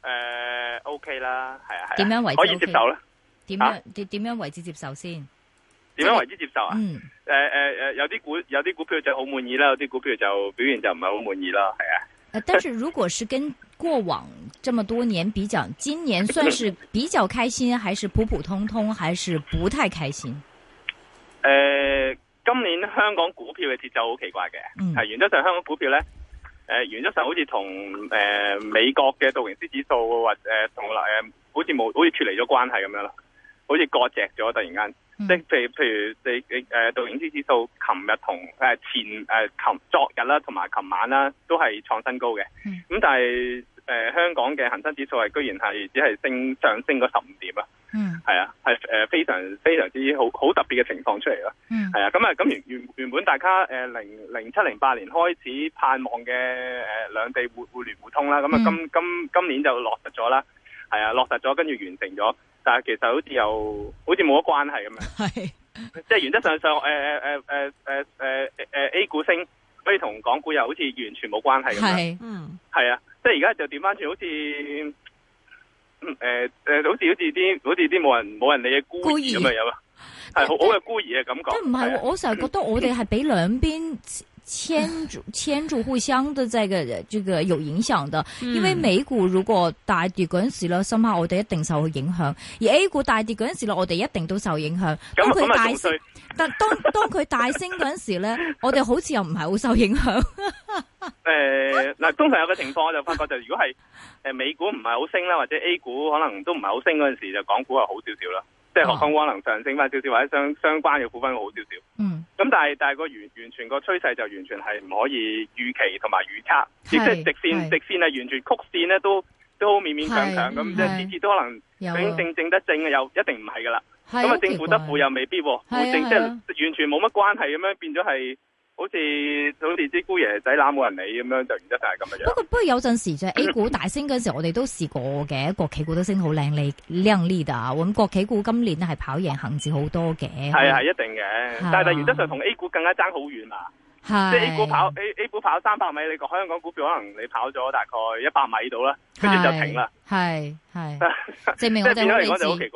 誒、呃、，OK 啦，係啊，係、okay？可以接受咧。點樣點點樣為之接受先？點樣為之接受啊？嗯，誒誒誒，有啲股有啲股票就好滿意啦，有啲股票就表現就唔係好滿意啦，係啊。誒，但係如果是跟過往這麼多年比較， 今年算是比較開心，還是普普通通，還是不太開心？誒、呃，今年香港股票嘅節奏好奇怪嘅，係、嗯、原則上香港股票咧。誒、呃，原則上好似同誒美國嘅道瓊斯指數或誒同誒，好似冇好似脫離咗關係咁樣咯，好似割蓆咗突然間，即、mm. 係譬如譬如你誒道瓊斯指數，琴日同誒前誒琴、呃、昨日啦，同埋琴晚啦，都係創新高嘅，咁、嗯、但係。誒、呃，香港嘅恒生指數係居然係只係升，升上升十五點啊！嗯，係啊，係、呃、誒，非常非常之好好特別嘅情況出嚟咯。嗯，係啊，咁、嗯、啊，咁原原本大家誒零零七零八年開始盼望嘅誒、呃、兩地互互聯互，互通啦，咁啊今、嗯、今今,今年就落實咗啦，係啊，落實咗跟住完成咗，但係其實好似又好似冇乜關係咁樣，係即係原則 上上誒誒誒誒誒誒誒 A 股升，所以同港股又好似完全冇關係咁樣，啊，嗯，係啊。即係而家就調翻轉，好似，嗯，誒，誒，好似好似啲，好似啲冇人冇人理嘅孤兒咁樣有啊，係好好嘅孤兒嘅感覺。唔係，我成日覺得我哋係俾兩邊。 牽住牽住互相都這個這個有影響的、嗯，因為美股如果大跌嗰陣時咧，生怕我哋一定受到影響；而 A 股大跌嗰陣時咧，我哋一定都受, 受影響。咁佢大但當當佢大升嗰陣時咧，我哋好似又唔係好受影響。誒，嗱，通常有個情況我就發覺就是，如果係誒美股唔係好升啦，或者 A 股可能都唔係好升嗰陣時，就港股就好少少啦。即係航空可能上升翻少少，或者相相關嘅股份好少少。嗯。咁、嗯、但係但係個完完全個趨勢就完全係唔可以預期同埋預測，亦即係直線直線係完全曲線咧，都都勉勉強強咁，即係次次都可能正正正得正又一定唔係噶啦。咁啊，正負得負又未必、啊。係負正即係完全冇乜關係咁樣變咗係。好似好似啲姑爺仔攬冇人理咁樣，就原則就係咁嘅樣。不過不過有陣時就係 A 股大升嗰陣時， 我哋都試過嘅，國企股都升好靚麗靚麗噶。咁國企股今年咧係跑贏恒指好多嘅。係係一定嘅。但係原則上同 A 股更加爭好遠啦。即係、就是、A 股跑 A A 股跑三百米，你個香港股票可能你跑咗大概一百米度啦，跟住就停啦。係係。 證明我哋好理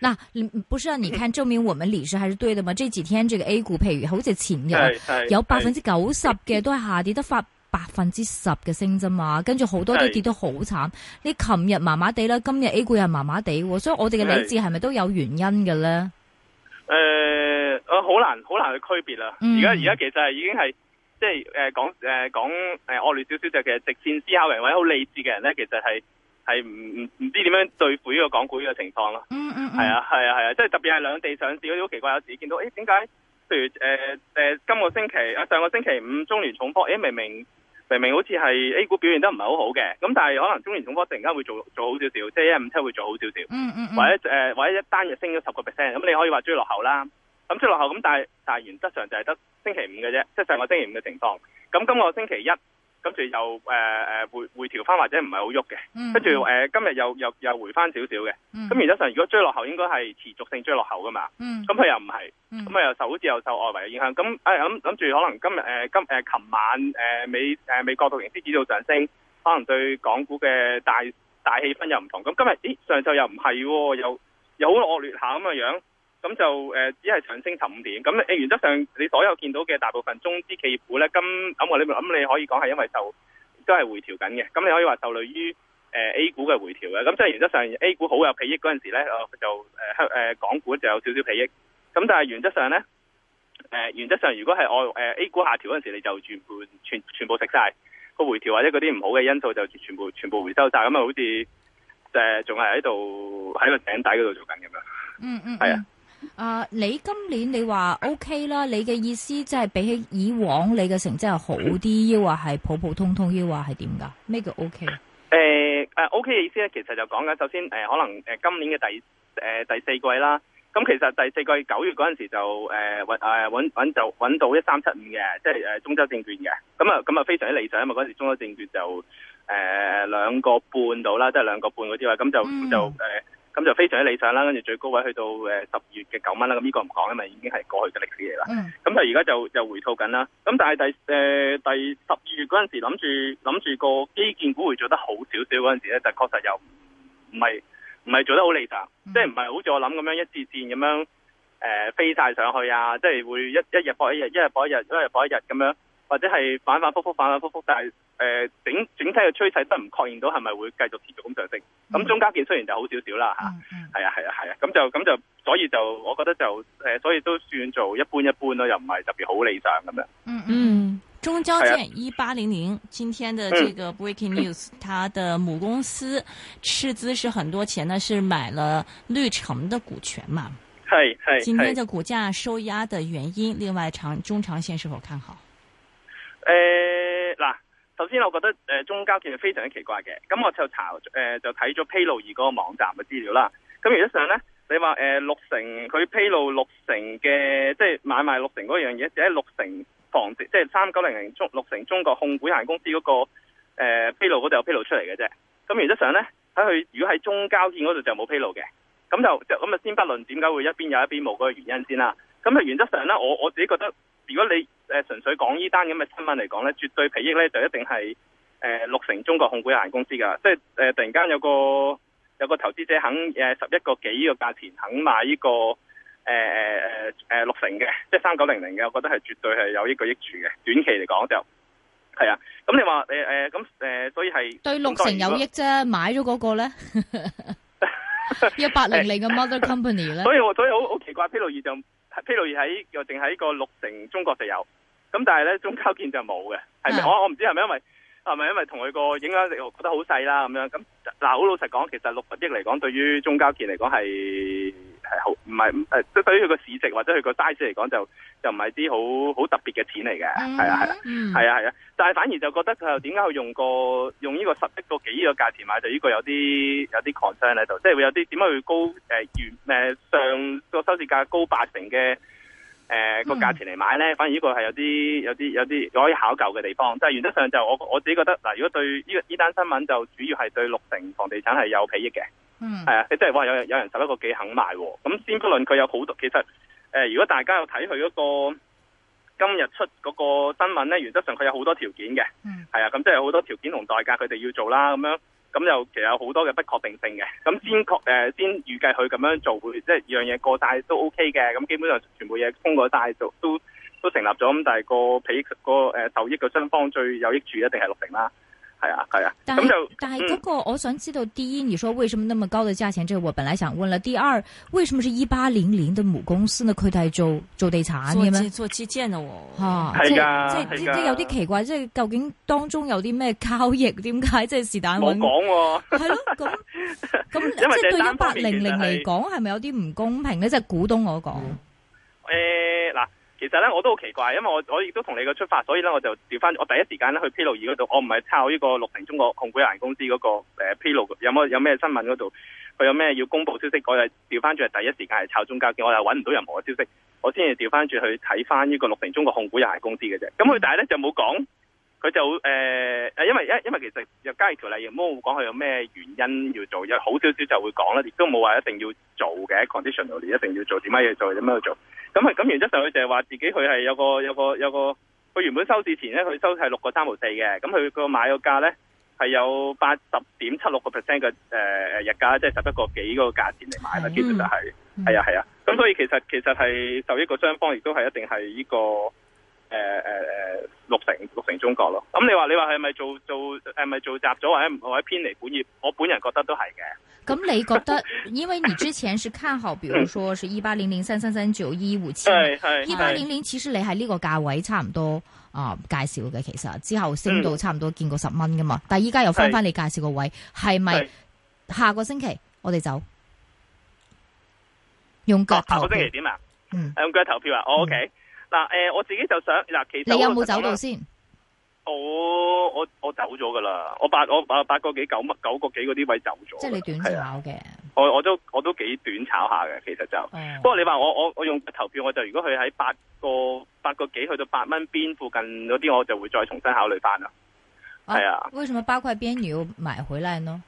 嗱、啊，唔不是啊？你看，證明我們理智還是對的嘛？這幾天這個 A 股譬如好似前日，有百分之九十嘅都係下跌，得發百分之十嘅升啫嘛。跟住好多都跌得好慘。你琴日麻麻地啦，今日 A 股又麻麻地，所以我哋嘅理智係咪都有原因嘅咧？誒，我、呃、好難好難去區別啦。而家而家其實係已經係即係誒、呃、講誒、呃、講誒惡劣少少就其實直線思考人或者好理智嘅人咧，其實係。係唔唔唔知點樣對付呢個港股呢個情況咯？嗯嗯，係啊係啊係啊，即係、啊啊啊啊、特別係兩地上市嗰啲好奇怪，有時見到誒點解？譬如誒誒，今、呃呃這個星期啊、呃、上個星期五中聯重科，誒明明明明好似係 A 股表現得唔係好好嘅，咁、嗯、但係可能中聯重科突然間會做做好少少，即係一五七會做好少少。嗯嗯，嗯，或者誒、呃、或者一單日升咗十個 percent，咁你可以話追落後啦。咁、嗯、追落後咁但係但係原則上就係得星期五嘅啫，即係上個星期五嘅情況。咁、嗯、今個星期一。跟住又誒誒、呃、回回調翻或者唔係好喐嘅，跟住誒今日又又又，又回翻少少嘅，咁原則上如果追落後應該係持續性追落後噶嘛，咁、嗯、佢又唔係，咁、嗯、佢又受好似又受外圍嘅影響，咁誒諗諗住可能今日誒、呃、今誒琴、呃、晚誒、呃、美、呃、美國道瓊斯指數上升，可能對港股嘅大大氣氛又唔同，咁今日咦上晝又唔係、哦，又又好惡劣下咁嘅樣，樣。咁就只係上升十五點，咁誒原則上你所有見到嘅大部分中資企業股咧，今啱我你諗你可以講係因為受都係回調緊嘅。咁你可以話受累於、呃、A 股嘅回調嘅，咁即係原則上 A 股好有企益嗰陣時咧，我就誒香、呃呃、港股就有少少企益。咁但係原則上咧、呃，原則上如果係我 A 股下調嗰陣時，你就全部全全部食晒個回調或者嗰啲唔好嘅因素就全部全部回收晒。咁啊好似誒仲係喺度喺個頂底嗰度做緊咁樣。嗯嗯，嗯，係啊。啊、uh，你今年你話 O K 啦，你嘅意思即係比起以往你嘅成績係好啲，抑或係普普通通，抑或係點噶？咩叫 O K 誒誒 O K 嘅意思咧，其實就講緊。首先誒、呃，可能誒今年嘅第誒、呃、第四季啦。咁、嗯、其實第四季九月嗰陣時就誒搵誒搵搵就搵到一三七五嘅，即係誒中州證券嘅。咁啊咁啊非常之理想因為！嗰陣時中州證券就誒兩、呃、個半到啦，即係兩個半嗰啲話，咁就就誒。嗯咁就非常之理想啦，跟住最高位去到誒十二月嘅九蚊啦，咁、這、呢個唔講，啊嘛，已經係過去嘅歷史嚟啦。咁、mm. 就而家就就回吐緊啦。咁但係第誒第十二月嗰陣時，諗住諗住個基建股會做得好少少嗰陣時咧，就確實又唔係唔係做得好理想，mm. 即係唔係好似我諗咁樣一直線咁樣誒飛晒上去啊！即係會一一日破一日，一日破一日，一日破一日咁樣，或者係反反覆覆、反反覆覆，但係。整整體嘅趨勢都唔確認到係咪會繼續持續咁上升？咁中交建雖然就好少少啦吓，係啊係啊係啊，咁就咁就，所以就我覺得就誒、呃，所以都算做一般一般咯，又唔係特別好理想咁樣。嗯嗯，中交建一八零零今天的這個 Breaking News，嗯、它的母公司斥資是很多錢呢，是買了綠城的股權嘛？係係。今天的股價受壓的原因，另外長中長線是否看好？誒、呃，嗱。首先，我覺得誒中交建係非常之奇怪嘅。咁我就查誒就睇咗披露易嗰個網站嘅資料啦。咁原則上咧，你話誒六成佢披露六成嘅，即係買賣六成嗰樣嘢，只係六成房即係三九零零中六成中國控股有限公司嗰個誒披露嗰度有披露出嚟嘅啫。咁原則上咧，喺佢如果喺中交建嗰度就冇披露嘅。咁就就咁啊，先不論點解會一邊有一邊冇嗰個原因先啦。咁啊，原則上咧，我我自己覺得，如果你誒，純粹講呢單咁嘅新聞嚟講咧，絕對裨益咧就一定係誒綠城中國控股有限公司噶，即係誒突然間有個有個投資者肯誒十一個幾個價錢肯買呢個誒誒誒誒綠城嘅，即係三九零零嘅，我覺得係絕對係有呢個益處嘅，短期嚟講就係啊，咁你話誒誒咁誒，所以係對綠城有益啫，買咗嗰個咧，一八零零嘅 mother company 咧， 所以我所以好好奇怪披露意就。披露而喺又淨喺個六成中國就有，咁但係咧中交建就冇嘅，係咪 我我唔知，係咪因為係咪因為同佢個影響力我覺得好細啦咁樣，咁嗱好老實講，其實六百億嚟講對於中交建嚟講係。係好唔係誒，即係對於佢個市值或者佢個 size 嚟講，就就唔係啲好好特別嘅錢嚟嘅，係啊係啊，係啊係啊,啊,啊,啊,啊。但係反而就覺得佢又點解去用,用這個用呢個十一個幾億呢個價錢買，就呢個有啲有啲 concern 喺度，即、就、係、是、會有啲點解會高誒原誒上個收市價高八成嘅誒、呃、個價錢嚟買咧？反而呢個係有啲有啲有啲可以考究嘅地方。即、就、係、是、原則上就我我自己覺得嗱，如果對呢、這個呢單、這個、新聞就主要係對綠城房地產係有裨益嘅。嗯，係啊，你即係話有有人十一個幾肯買，咁先不論佢有好多，其實，誒、呃，如果大家有睇佢嗰個今日出嗰個新聞咧，原則上佢有好多條件嘅，係、mm. 啊，咁即係好多條件同代價佢哋要做啦，咁樣，咁又其實有好多嘅不確定性嘅，咁先確誒、mm. 呃，先預計佢咁樣做會，即係樣嘢過大都 OK 嘅，咁基本上全部嘢通過晒，就都都成立咗，咁但係個彼、嗰個誒受益嘅雙方最有益處一定係六成啦。係啊係啊，是啊但但係嗰個我想知道，第一，你說為什麼那麼高的價錢？這、嗯就是、我本來想問了。第二，為什麼是一八零零的母公司呢？佢哋係做做地產嘅做基建，即係即係有啲奇怪，即係究竟當中有啲咩交易？點解即係是但講？我講係咯，咁咁即係對一八零零嚟講，係咪、 就是、有啲唔公平呢？即係股東我，我講誒嗱。欸其實咧，我都好奇怪，因為我我亦都同你嘅出發，所以咧我就調翻，我第一時間咧去披露易嗰度，我唔係抄呢個綠城中國控股有限公司嗰個誒、呃、披露有冇有咩新聞嗰度，佢有咩要公布消息，我就調翻轉係第一時間係抄中交嘅，我又搵唔到任何消息，我先至調翻轉去睇翻呢個綠城中國控股有限公司嘅啫，咁佢但係咧就冇講。佢就誒、呃、因為因因為其實交易條例，亦冇講佢有咩原因要做，有好少少就會講啦，亦都冇話一定要做嘅。Conditional，你一定要做，點解要做，點樣去做。咁啊，咁原則上佢就係話自己佢係有個有個有個，佢原本收市前咧，佢收係六個三毫四嘅，咁佢個買個價咧係有八十點七六個 percent 嘅日價，即係十一個幾個個價錢嚟買啦，基本就係、是，係啊係啊。咁、嗯啊、所以其實其實係受益嘅雙方，亦都係一定係呢、這個。誒誒誒，六成六成中國咯。咁、嗯、你話你話係咪做做係咪做雜咗或者或者偏離本業？我本人覺得都係嘅。咁、嗯、 你覺得？因為你之前是看好，比如說是一八零零三三三九一五七，係係一八零零，其實你喺呢個價位差唔多啊，介紹嘅其實之後升到差唔多見過十蚊㗎嘛。嗯、但係依家又返返你介紹個位，係咪下個星期我哋走用腳投票？啊、下個星期點啊？嗯，嗯用腳投票啊、oh,？OK。嗯誒、啊，欸，我自己就想，嗱、啊，其實，實你有冇走到先？我我我走咗噶啦，我八我八八個幾九九個幾嗰啲位走咗。即係你短炒嘅、啊，我我都我都幾短炒一下嘅，其實就。嗯、不過你話我我我用投票，我就如果佢喺八個八個幾去到八蚊邊附近嗰啲，我就會再重新考慮返啦。係啊，啊，為什麼八塊邊要買回來呢？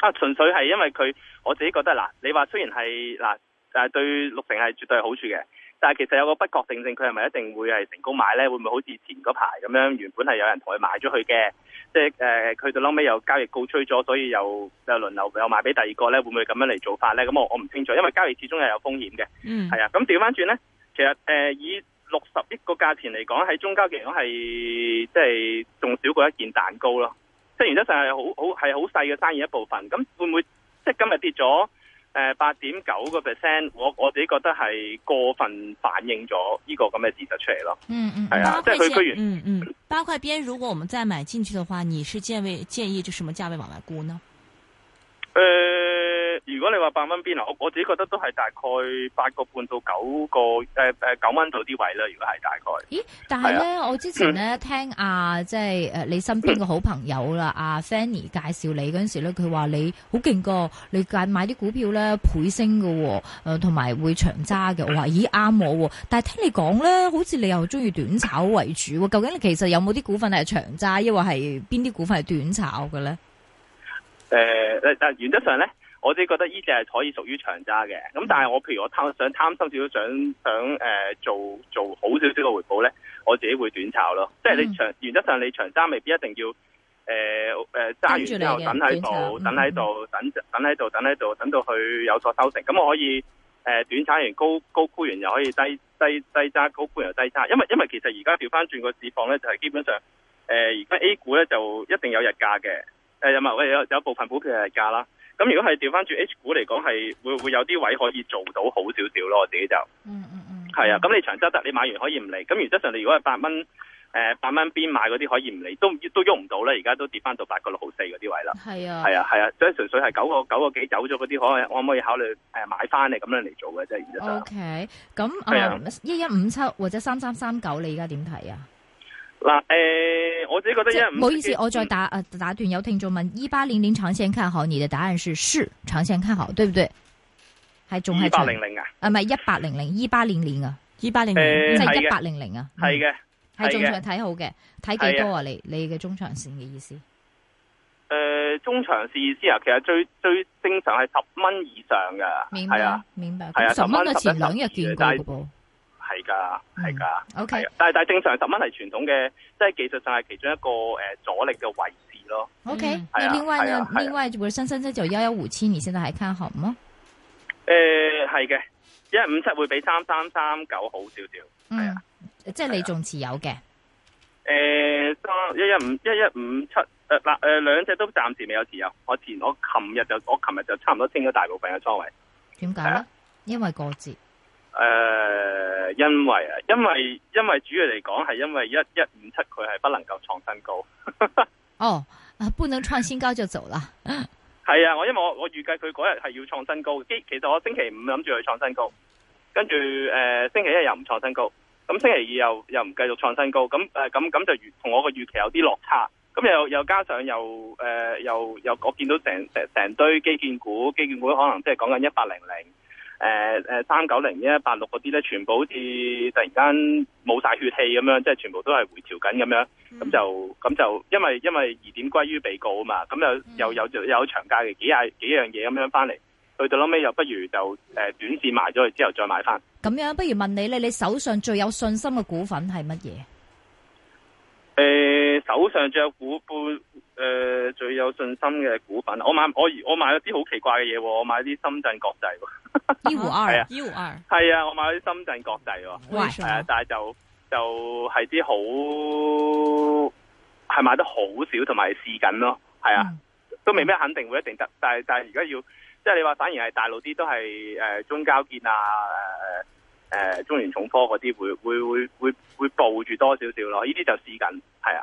啊，純粹係因為佢，我自己覺得嗱、啊，你話雖然係嗱，誒、啊，對綠城係絕對好處嘅。但係其實有個不確定性，佢係咪一定會係成功買咧？會唔會好似前嗰排咁樣，原本係有人同佢買咗去嘅，即係誒佢到後屘又交易告吹咗，所以又又輪流又賣俾第二個咧，會唔會咁樣嚟做法咧？咁我我唔清楚，因為交易始終係有風險嘅。嗯，係啊。咁調翻轉咧，其實誒、呃、以六十億個價錢嚟講，喺中交嚟講係即係仲少過一件蛋糕咯。即係原則上係好好係好細嘅生意一部分。咁會唔會即係今日跌咗？誒、呃，八點九個 percent，我我自己覺得係過分反映咗呢個咁嘅事實出嚟咯。嗯嗯，係啊，即係佢。嗯嗯，八塊邊、啊嗯嗯？如果我們再買進去嘅話，你是建位建議，就什麼價位往外沽呢？誒、呃，如果你話八蚊邊啊，我我自己覺得都係大概八個半到九個誒誒、呃、九蚊度啲位啦。如果係大概，咦？但係咧，嗯、我之前咧聽阿即係誒你身邊嘅好朋友啦，阿、嗯啊、Fanny 介紹你嗰陣時咧，佢話你好勁個，你買買啲股票咧倍升㗎喎、哦，同埋會長揸嘅。我話咦啱我、哦，但係聽你講咧，好似你又鍾意短炒為主。究竟你其實有冇啲股份係長揸，抑或係邊啲股份係短炒嘅咧？誒、呃，但係原則上咧，我自己覺得呢隻係可以屬於長揸嘅。咁但係我譬如我貪想貪心少少，想想誒、呃、做做好少少嘅回報咧，我自己會短炒咯。嗯、即係你長原則上你長揸未必一定要誒誒揸完之後等喺度，等喺度、嗯，等等喺度，等喺度，等到去有所收成。咁、嗯嗯、我可以誒短炒完高高沽完，又可以低低低揸高沽又低揸。因為因為其實而家調翻轉個市況咧，就係、是、基本上誒而家 A 股咧就一定有日價嘅。誒，有有有部分股票係價啦。咁如果係調翻轉 H 股嚟講，係會會有啲位可以做到好少少咯。我自己就，嗯嗯嗯，係啊。咁、嗯、你長執得，你買完可以唔理。咁原則上，你如果係八蚊，誒八蚊邊買嗰啲可以唔理，都都喐唔到咧。而家都跌翻到八個六毫四嗰啲位啦。係啊，係啊，係啊，即純粹係九個九個幾走咗嗰啲，可可唔可以考慮誒買翻嚟咁樣嚟做嘅啫？原則上。O K，咁啊，一一五七或者三三三九，你而家點睇啊？嗱，誒、呃，我自己覺得一唔好意思，我再打誒打斷有聽眾問，二八零零長線看好，你嘅答案是是長線看好，對唔對？係仲係一八零零啊？啊，唔係一八零零，二八零零啊，二八零零即係一八零零啊，係嘅，係仲係睇好嘅，睇幾多少啊？的你你嘅中長線嘅意思？誒、呃，中長線意思啊，其實最最正常係十蚊以上嘅，明白啊，明白十蚊啊，前兩日見過嘅噃、就是。係噶係噶、嗯、，OK，係但係但係正常十蚊係傳統嘅，即係技術上係其中一個誒、呃、阻力嘅位置咯。OK，另外，另外，會三三三九就幺幺五七，你現在還看好嗎？誒，係嘅，一五七會比三三三九好少少。嗯，即係你仲持有嘅？誒，三一一五一一五七誒，嗱，誒，兩隻都暫時未有持有。我前我琴日就我琴日就差唔多清咗大部分嘅倉位。點解呢？因為過節。誒、呃，因為啊，因為因為主要嚟講係因為一一五七佢係不能夠創新高。哦，啊，不能創新高就走啦。係 啊，我因為我我預計佢嗰日係要創新高。其實我星期五諗住去創新高，跟住誒星期一又唔創新高，咁星期二又又唔繼續創新高，咁誒咁咁就同我個預期有啲落差，咁又又加上又誒、呃、又又我見到成成成堆基建股基建股可能即係講緊一百零零。誒、呃、誒，三九零、一八六嗰啲咧，全部好似突然間冇晒血氣咁樣，即係全部都係回調緊咁樣，咁、嗯、就咁就，因為因為疑點歸於被告啊嘛，咁又、嗯、又有有，有長假嘅幾廿幾樣嘢咁樣翻嚟，去到後尾又不如就誒、呃、短線賣咗佢，之後再買翻。咁樣，不如問你你手上最有信心嘅股份係乜嘢？誒、呃，手上最有股半。誒、呃，最有信心嘅股份，我買我我買咗啲好奇怪嘅嘢，我買啲深圳國際，一五二啊，一五二係啊，我買啲深圳國際，係、wow. 啊，但係就就係啲好係買得好少，同埋試緊咯，係啊，mm. 都未咩肯定會一定得，但係但係而家要即係你話反而係大陸啲都係誒、呃、中交建啊誒誒、呃、中聯重科嗰啲會會會會會保住多少少咯，呢啲就試緊係啊。